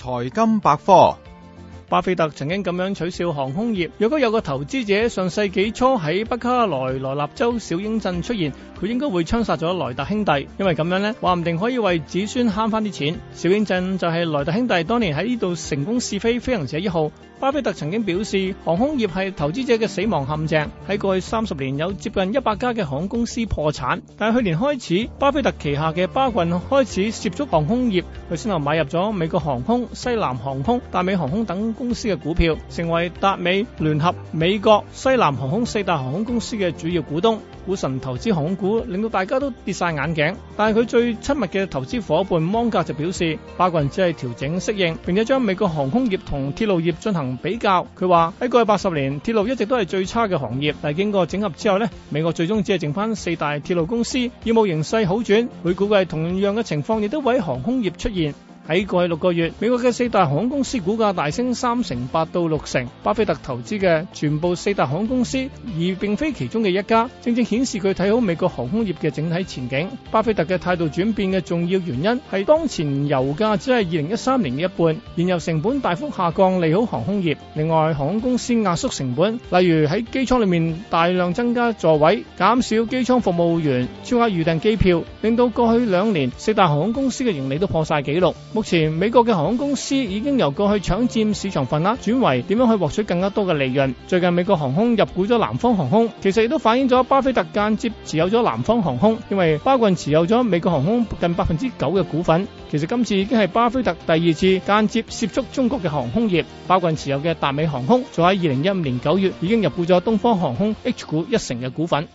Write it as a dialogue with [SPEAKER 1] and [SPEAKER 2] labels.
[SPEAKER 1] 財金百科。巴菲特曾經咁樣取笑航空業，若果有個投資者上世紀初喺北卡羅萊納州小鷹鎮出現，佢應該會槍殺咗萊特兄弟，因為咁樣呢，話唔定可以為子孫慳返啲錢。小鷹鎮就係萊特兄弟當年喺呢度成功試飛飛行者一號。巴菲特曾經表示，航空業係投資者嘅死亡陷阱。喺過去三十年，有接近一百家嘅航空公司破產，但係去年開始，巴菲特旗下嘅巴郡開始涉足航空業，佢先後買入咗美國航空、西南航空、大美航空等。公司嘅股票成為達美、聯合、美國西南航空四大航空公司嘅主要股東。股神投資航空股，令到大家都跌晒眼鏡，但係佢最親密嘅投資伙伴芒格就表示，八個人只係調整適應，並且將美國航空業同鐵路業進行比較。佢話喺過去八十年，鐵路一直都係最差嘅行業，但係經過整合之後呢，美國最終只係剩翻四大鐵路公司，業務形勢好轉。佢估計同樣嘅情況亦都會喺航空業出現。喺過去六個月，美國嘅四大航空公司股價大升三成八到六成。巴菲特投資嘅全部四大航空公司，而並非其中嘅一家，正正顯示佢睇好美國航空業嘅整體前景。巴菲特嘅態度轉變嘅重要原因係當前油價只係二零一三年嘅一半，燃油成本大幅下降，利好航空業。另外，航空公司壓縮成本，例如喺機艙裏面大量增加座位，減少機艙服務員，超額預訂機票，令到過去兩年四大航空公司嘅盈利都破晒紀錄。目前美國嘅航空公司已經由過去搶佔市場份額轉為點樣去獲取更加多嘅利潤。最近美國航空入股咗南方航空，其實亦都反映咗巴菲特間接持有咗南方航空，因為巴郡持有咗美國航空近百分之九嘅股份。其實今次已經係巴菲特第二次間接涉足中國嘅航空業。巴郡持有嘅達美航空，就喺二零一五年九月已經入股咗東方航空 H 股一成嘅股份。